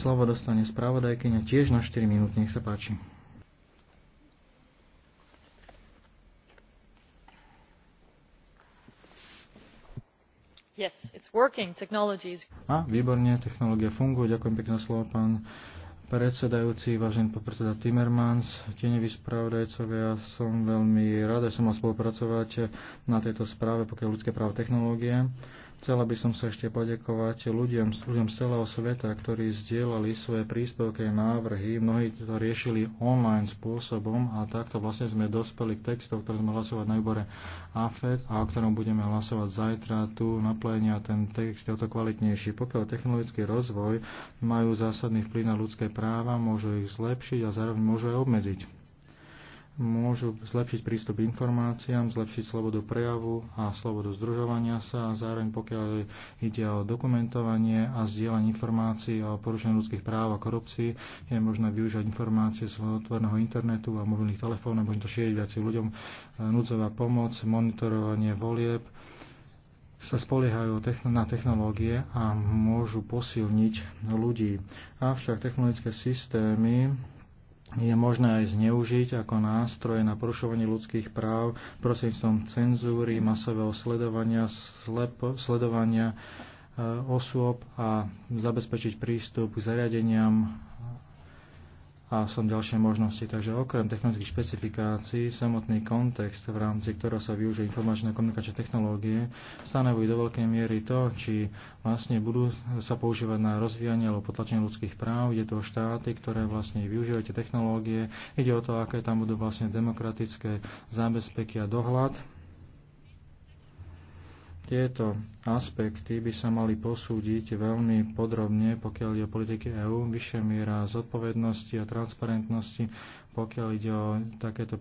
Slovo dostane spravodajkyňa tiež na 4 minúty. Nech sa páči. Yes, it's working. Technology is... A, výborne, technológia funguje. Ďakujem pekne za slovo, pán predsedajúci, vážený predseda Timmermans, tieňoví spravodajcovia, ja som veľmi rád, že som mal spolupracovať na tejto správe, pokiaľ ľudské právo technológie. Chcela by som sa ešte poďakovať ľuďom, ľuďom z celého sveta, ktorí zdieľali svoje príspevky a návrhy. Mnohí to riešili online spôsobom a takto vlastne sme dospeli k textu, ktoré sme hlasovať na výbore AFED a o ktorom budeme hlasovať zajtra tu na pléne a ten text je o to kvalitnejší. Pokiaľ technologický rozvoj majú zásadný vplyv na ľudské práva, môžu ich zlepšiť a zároveň môžu aj obmedziť môžu zlepšiť prístup k informáciám, zlepšiť slobodu prejavu a slobodu združovania sa a zároveň pokiaľ ide o dokumentovanie a zdieľanie informácií o porušení ľudských práv a korupcii, je možné využiť informácie z otvorného internetu a mobilných telefónov, možno to šíriť viac ľuďom, núdzová pomoc, monitorovanie volieb, sa spoliehajú na technológie a môžu posilniť ľudí. Avšak technologické systémy je možné aj zneužiť ako nástroje na porušovanie ľudských práv prostredníctvom cenzúry, masového sledovania, slep, sledovania e, osôb a zabezpečiť prístup k zariadeniam a som ďalšie možnosti. Takže okrem technických špecifikácií, samotný kontext, v rámci ktorého sa využije informačné a komunikačné technológie, stanovuje do veľkej miery to, či vlastne budú sa používať na rozvíjanie alebo potlačenie ľudských práv. Ide tu o štáty, ktoré vlastne využívajú tie technológie. Ide o to, aké tam budú vlastne demokratické zábezpeky a dohľad tieto aspekty by sa mali posúdiť veľmi podrobne, pokiaľ ide o politiky EÚ, vyššia miera zodpovednosti a transparentnosti, pokiaľ ide o takéto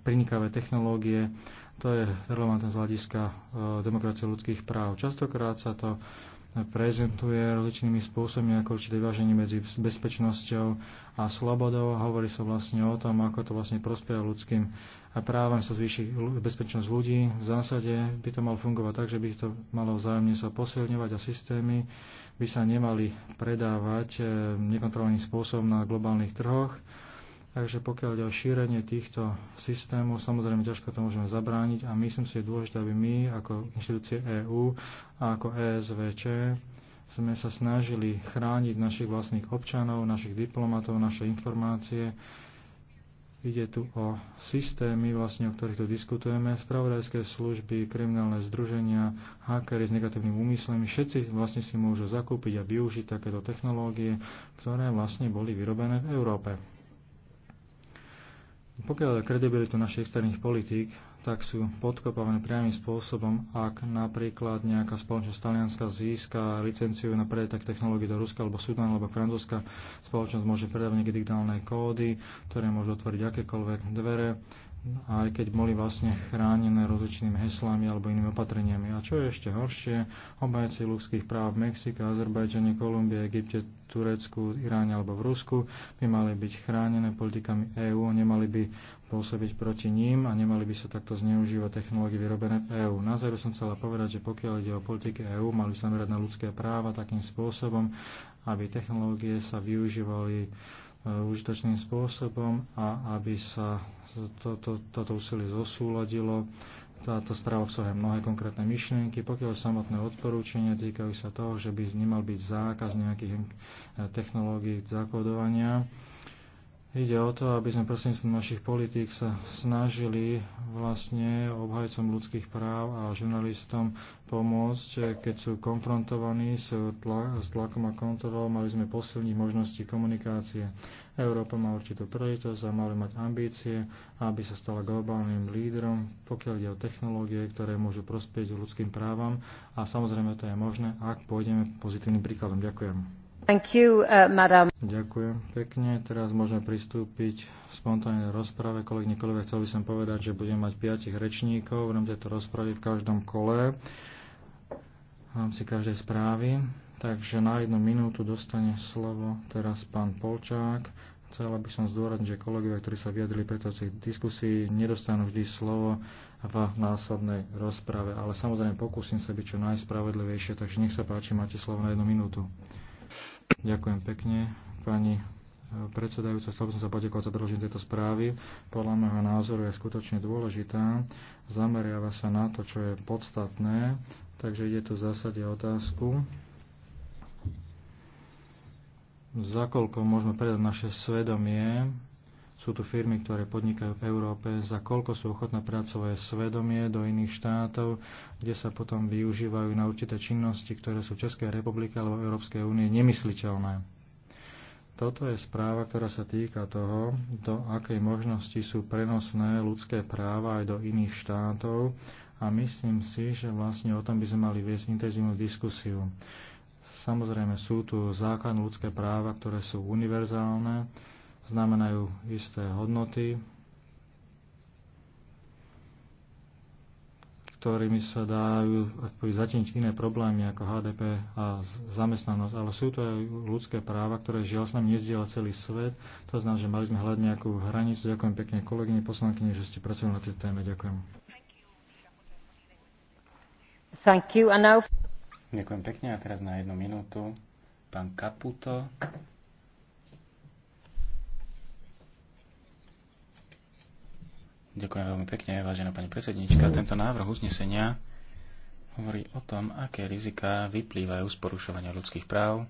prenikavé technológie. To je relevantné z hľadiska e, demokracie ľudských práv. Častokrát sa to prezentuje rozličnými spôsobmi ako určité vyváženie medzi bezpečnosťou a slobodou. Hovorí sa vlastne o tom, ako to vlastne prospieva ľudským právam, sa zvýši bezpečnosť ľudí. V zásade by to malo fungovať tak, že by to malo vzájomne sa posilňovať a systémy by sa nemali predávať eh, nekontrolovaným spôsobom na globálnych trhoch. Takže pokiaľ ide o šírenie týchto systémov, samozrejme ťažko to môžeme zabrániť a myslím si, je dôležité, aby my ako inštitúcie EÚ a ako ESVČ sme sa snažili chrániť našich vlastných občanov, našich diplomatov, naše informácie. Ide tu o systémy, vlastne, o ktorých tu diskutujeme, spravodajské služby, kriminálne združenia, hakery s negatívnym úmyslami, Všetci vlastne si môžu zakúpiť a využiť takéto technológie, ktoré vlastne boli vyrobené v Európe. Pokiaľ kredibilitu našich externých politík, tak sú podkopávané priamým spôsobom, ak napríklad nejaká spoločnosť Talianska získa licenciu na predaj technológií do Ruska alebo Sudan alebo Francúzska, spoločnosť môže predávať nejaké digitálne kódy, ktoré môžu otvoriť akékoľvek dvere aj keď boli vlastne chránené rozličnými heslami alebo inými opatreniami. A čo je ešte horšie, obajci ľudských práv v Mexike, Azerbajdžane, Kolumbie, Egypte, Turecku, Iráne alebo v Rusku by mali byť chránené politikami EÚ, nemali by pôsobiť proti ním a nemali by sa takto zneužívať technológie vyrobené v EÚ. Na záver som chcela povedať, že pokiaľ ide o politiky EÚ, mali sa merať na ľudské práva takým spôsobom, aby technológie sa využívali E, užitočným spôsobom a aby sa toto, toto úsilie zosúladilo. Táto správa obsahuje mnohé konkrétne myšlienky, pokiaľ samotné odporúčania týkajú sa toho, že by nemal byť zákaz nejakých e, technológií zakódovania. Ide o to, aby sme prostredníctvom našich politík sa snažili vlastne obhajcom ľudských práv a žurnalistom pomôcť, keď sú konfrontovaní s, tla, s tlakom a kontrolou, mali sme posilniť možnosti komunikácie. Európa má určitú prioritosť a mali mať ambície, aby sa stala globálnym lídrom, pokiaľ ide o technológie, ktoré môžu prospieť ľudským právam a samozrejme to je možné, ak pôjdeme pozitívnym príkladom. Ďakujem. Thank you, uh, madam. Ďakujem pekne. Teraz môžeme pristúpiť v spontánnej rozprave. Kolegyne, kolegovia, chcel by som povedať, že budem mať piatich rečníkov v rámci tejto rozpravy v každom kole, v rámci každej správy. Takže na jednu minútu dostane slovo teraz pán Polčák. Chcela by som zdôrazniť, že kolegovia, ktorí sa vyjadrili tých diskusí, nedostanú vždy slovo v následnej rozprave. Ale samozrejme pokúsim sa byť čo najspravedlivejšie, takže nech sa páči, máte slovo na jednu minútu. Ďakujem pekne, pani e, predsedajúca. Chcel som sa poďakovať za predloženie tejto správy. Podľa môjho názoru je skutočne dôležitá. Zameriava sa na to, čo je podstatné. Takže ide tu v zásade otázku, za koľko môžeme predať naše svedomie sú tu firmy, ktoré podnikajú v Európe, za koľko sú ochotné brať svoje svedomie do iných štátov, kde sa potom využívajú na určité činnosti, ktoré sú v Českej republike alebo Európskej únie nemysliteľné. Toto je správa, ktorá sa týka toho, do akej možnosti sú prenosné ľudské práva aj do iných štátov a myslím si, že vlastne o tom by sme mali viesť intenzívnu diskusiu. Samozrejme sú tu základné ľudské práva, ktoré sú univerzálne, znamenajú isté hodnoty, ktorými sa dajú zatieniť iné problémy ako HDP a zamestnanosť, ale sú to aj ľudské práva, ktoré žiaľ s nami nezdiela celý svet. To znamená, že mali sme hľadať nejakú hranicu. Ďakujem pekne kolegyne poslankyne, že ste pracovali na tej téme. Ďakujem. Thank you. And now... Ďakujem pekne a teraz na jednu minútu pán Kaputo Ďakujem veľmi pekne, vážená pani predsednička. Tento návrh uznesenia hovorí o tom, aké riziká vyplývajú z porušovania ľudských práv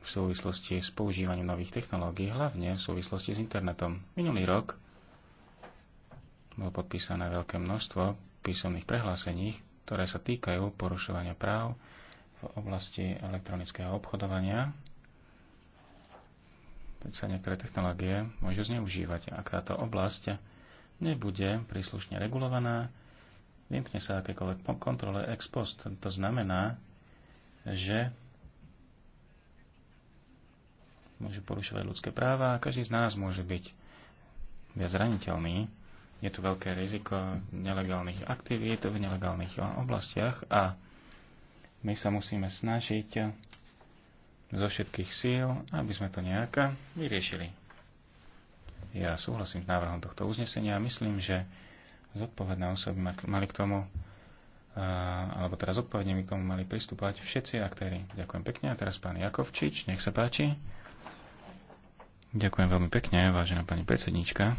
v súvislosti s používaním nových technológií, hlavne v súvislosti s internetom. Minulý rok bolo podpísané veľké množstvo písomných prehlásení, ktoré sa týkajú porušovania práv v oblasti elektronického obchodovania, keď sa niektoré technológie môžu zneužívať. Ak táto oblasť nebude príslušne regulovaná, vymkne sa akékoľvek kontrole ex post. To znamená, že môže porušovať ľudské práva a každý z nás môže byť viac zraniteľný. Je tu veľké riziko nelegálnych aktivít v nelegálnych oblastiach a my sa musíme snažiť zo všetkých síl, aby sme to nejaká vyriešili. Ja súhlasím s návrhom tohto uznesenia a myslím, že zodpovedné osoby mali k tomu, alebo teraz zodpovedne mi k tomu mali pristúpať všetci aktéry. Ďakujem pekne. A teraz pán Jakovčič, nech sa páči. Ďakujem veľmi pekne, vážená pani predsednička.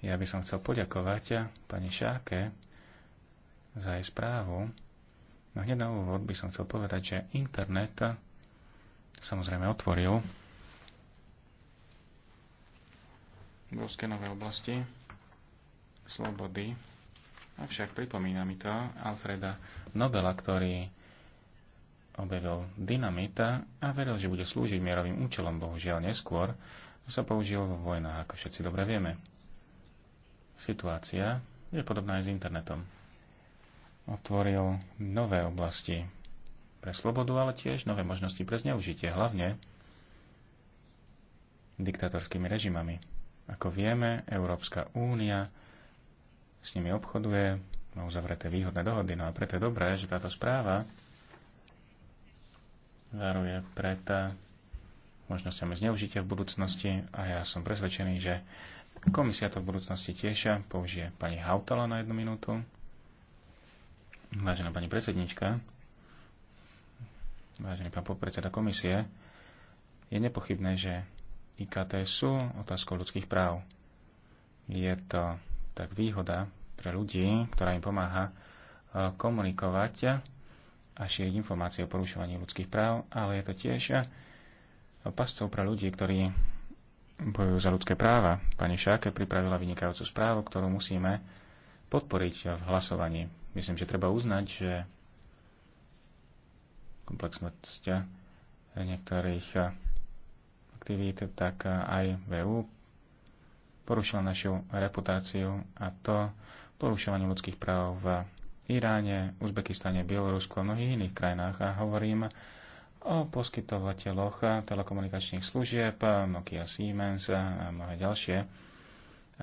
Ja by som chcel poďakovať pani Šáke za jej správu. No hneď na úvod by som chcel povedať, že internet samozrejme otvoril Európskej nové oblasti slobody. Avšak pripomína mi to Alfreda Nobela, ktorý objavil dynamita a veril, že bude slúžiť mierovým účelom. Bohužiaľ neskôr sa použil vo vojnách, ako všetci dobre vieme. Situácia je podobná aj s internetom. Otvoril nové oblasti pre slobodu, ale tiež nové možnosti pre zneužitie, hlavne diktatorskými režimami ako vieme, Európska únia s nimi obchoduje, má uzavreté výhodné dohody, no a preto je dobré, že táto správa varuje pred možnosťami zneužitia v budúcnosti a ja som presvedčený, že komisia to v budúcnosti tiež použije pani Hautala na jednu minútu. Vážená pani predsednička, vážený pán podpredseda komisie, je nepochybné, že IKT sú otázkou ľudských práv. Je to tak výhoda pre ľudí, ktorá im pomáha e, komunikovať a šíriť informácie o porušovaní ľudských práv, ale je to tiež pascov pre ľudí, ktorí bojujú za ľudské práva. Pani Šáke pripravila vynikajúcu správu, ktorú musíme podporiť v hlasovaní. Myslím, že treba uznať, že komplexnosť niektorých aktivít, tak aj VU e porušila našu reputáciu a to porušovanie ľudských práv v Iráne, Uzbekistane, Bielorusku a mnohých iných krajinách a hovorím o poskytovateľoch telekomunikačných služieb, Nokia, Siemens a mnohé ďalšie.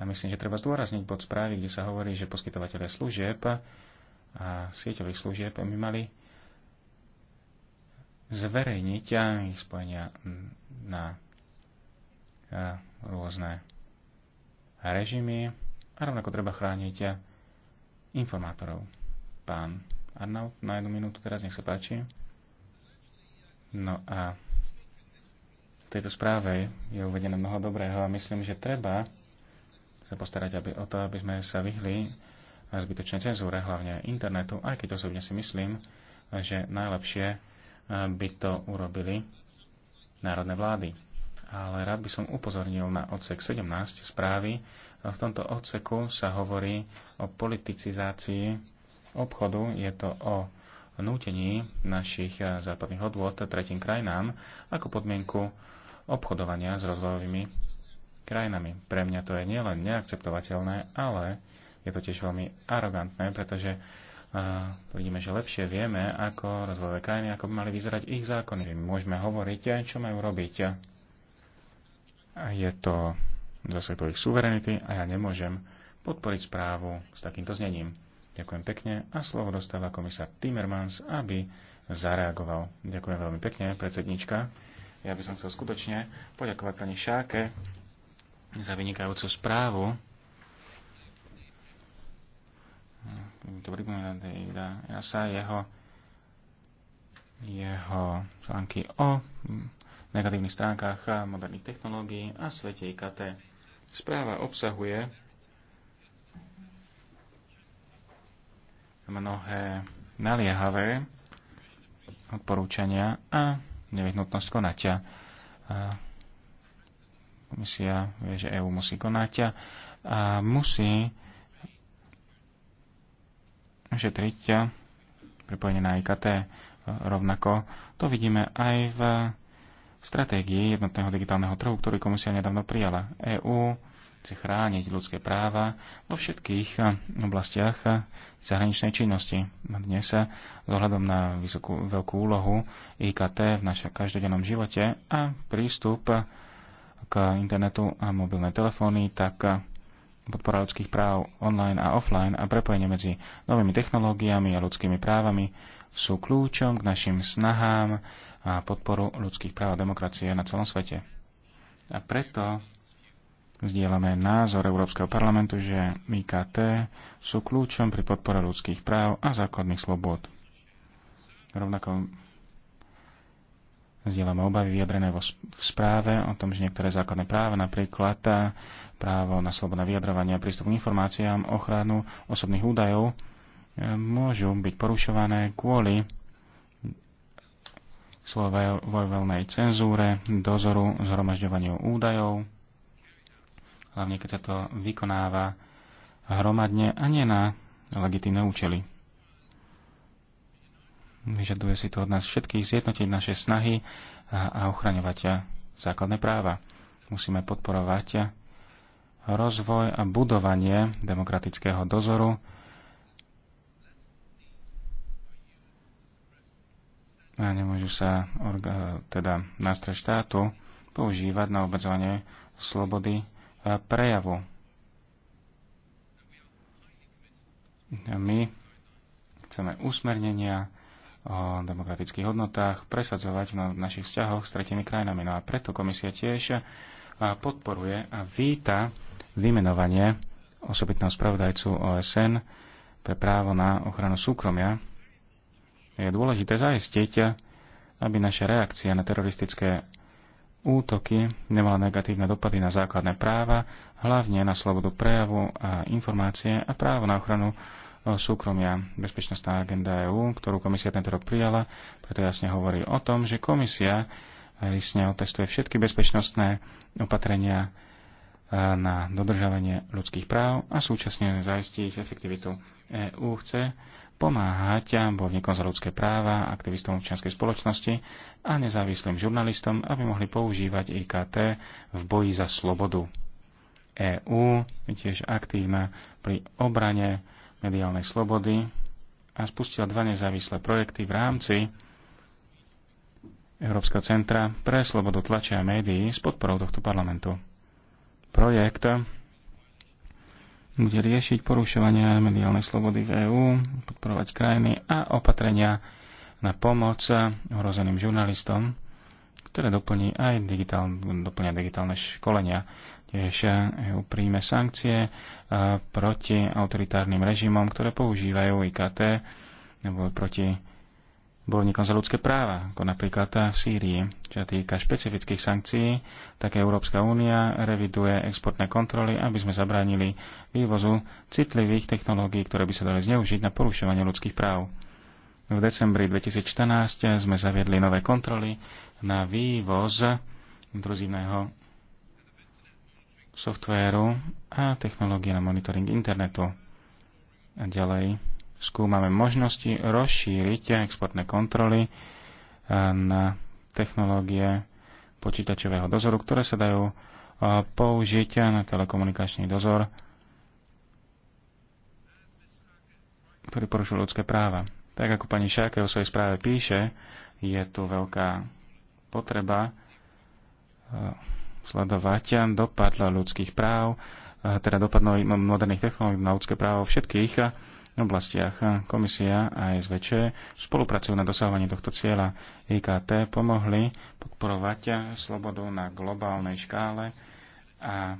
A myslím, že treba zdôrazniť bod správy, kde sa hovorí, že poskytovateľe služieb a sieťových služieb by mali zverejniť ich spojenia na rôzne režimy a rovnako treba chrániť informátorov. Pán Arnaut, na jednu minútu teraz, nech sa páči. No a v tejto správe je uvedené mnoho dobrého a myslím, že treba sa postarať aby, o to, aby sme sa vyhli na zbytočnej cenzúre, hlavne internetu, aj keď osobne si myslím, že najlepšie eh, by to urobili národné vlády ale rád by som upozornil na odsek 17 správy. V tomto odseku sa hovorí o politicizácii obchodu, je to o nútení našich eh, západných odvod tretím krajinám ako podmienku obchodovania s rozvojovými krajinami. Pre mňa to je nielen neakceptovateľné, ale je to tiež veľmi arogantné, pretože uh, vidíme, že lepšie vieme, ako rozvojové krajiny, ako by mali vyzerať ich zákony. My môžeme hovoriť, eh, čo majú robiť je to zase po ich suverenity a ja nemôžem podporiť správu s takýmto znením. Ďakujem pekne a slovo dostáva komisár Timmermans, aby zareagoval. Ďakujem veľmi pekne, predsednička. Ja by som chcel skutočne poďakovať pani Šáke za vynikajúcu správu. Dobrý moment, jeho, jeho články o negatívnych stránkach moderných technológií a svete IKT. Správa obsahuje mnohé naliehavé odporúčania a nevyhnutnosť konaťa. Komisia vie, že EÚ musí konať a musí šetriť pripojenie na IKT. Rovnako to vidíme aj v stratégii jednotného digitálneho trhu, ktorý komisia nedávno prijala. EÚ chce chrániť ľudské práva vo všetkých eh, oblastiach eh, zahraničnej činnosti. Dnes eh, sa vzhľadom na vysokú, veľkú úlohu IKT v našom každodennom živote a prístup k internetu a mobilnej telefóny, tak podpora ľudských práv online a offline a prepojenie medzi novými technológiami a ľudskými právami sú kľúčom k našim snahám a podporu ľudských práv a demokracie na celom svete. A preto Zdieľame názor Európskeho parlamentu, že IKT sú kľúčom pri podpore ľudských práv a základných slobod. Rovnako Zdieľame obavy vyjadrené vo, v správe o tom, že niektoré základné práva, napríklad eh, právo na slobodné vyjadrovanie a prístup k informáciám, ochranu osobných údajov, eh, môžu byť porušované kvôli svojvoľnej cenzúre, dozoru, zhromažďovaniu údajov, hlavne keď sa to vykonáva hromadne a nie na legitímne účely. Vyžaduje si to od nás všetkých zjednotiť naše snahy a, ochraňovať základné práva. Musíme podporovať rozvoj a budovanie demokratického dozoru a nemôžu sa teda nástroj štátu používať na obmedzovanie slobody prejavu. A my chceme usmernenia, o demokratických hodnotách presadzovať v našich vzťahoch s tretimi krajinami. No a preto komisia tiež podporuje a víta vymenovanie osobitného spravodajcu OSN pre právo na ochranu súkromia. Je dôležité zaistiť, aby naša reakcia na teroristické útoky nemala negatívne dopady na základné práva, hlavne na slobodu prejavu a informácie a právo na ochranu súkromia. Bezpečnostná agenda EÚ, ktorú komisia tento rok prijala, preto jasne hovorí o tom, že komisia jasne otestuje všetky bezpečnostné opatrenia e, na dodržavanie ľudských práv a súčasne zaistí ich efektivitu. EÚ chce pomáhať bojovníkom za ľudské práva, aktivistom občianskej spoločnosti a nezávislým žurnalistom, aby mohli používať IKT v boji za slobodu. EÚ je tiež aktívna pri obrane mediálnej slobody a spustila dva nezávislé projekty v rámci Európskeho centra pre slobodu tlače a médií s podporou tohto parlamentu. Projekt bude riešiť porušovania mediálnej slobody v EÚ, podporovať krajiny a opatrenia na pomoc ohrozeným žurnalistom, ktoré doplní aj digitál, doplňa digitálne školenia. Tiež eh, EU príjme sankcie eh, proti autoritárnym režimom, ktoré používajú IKT alebo eh, proti bojovníkom za ľudské práva, ako napríklad v Sýrii. Čo týka špecifických sankcií, tak Európska únia reviduje exportné kontroly, aby sme zabránili vývozu citlivých technológií, ktoré by sa dali zneužiť na porušovanie ľudských práv. V decembri 2014 sme zaviedli nové kontroly na vývoz intruzívneho softvéru a technológie na monitoring internetu. A ďalej skúmame možnosti rozšíriť exportné kontroly na technológie počítačového dozoru, ktoré sa dajú použiť na telekomunikačný dozor, ktorý porušil ľudské práva. Tak ako pani Šáke o svojej správe píše, je tu veľká potreba e, sledovať dopad ľudských práv, e, teda dopad nových, moderných technológií na ľudské právo vo všetkých e, oblastiach. Komisia a SVČ spolupracujú na dosahovaní tohto cieľa. IKT pomohli podporovať slobodu na globálnej škále a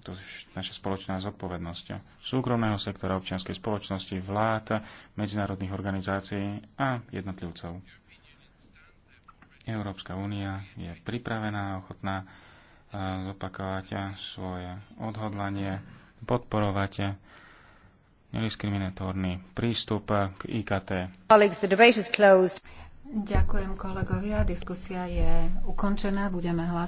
to je naša spoločná zodpovednosť súkromného sektora, občianskej spoločnosti, vlád, medzinárodných organizácií a jednotlivcov. Európska únia je pripravená a ochotná e, zopakovať svoje odhodlanie, podporovať nediskriminatórny prístup k IKT. Ďakujem kolegovia, diskusia je ukončená, budeme hlasovať.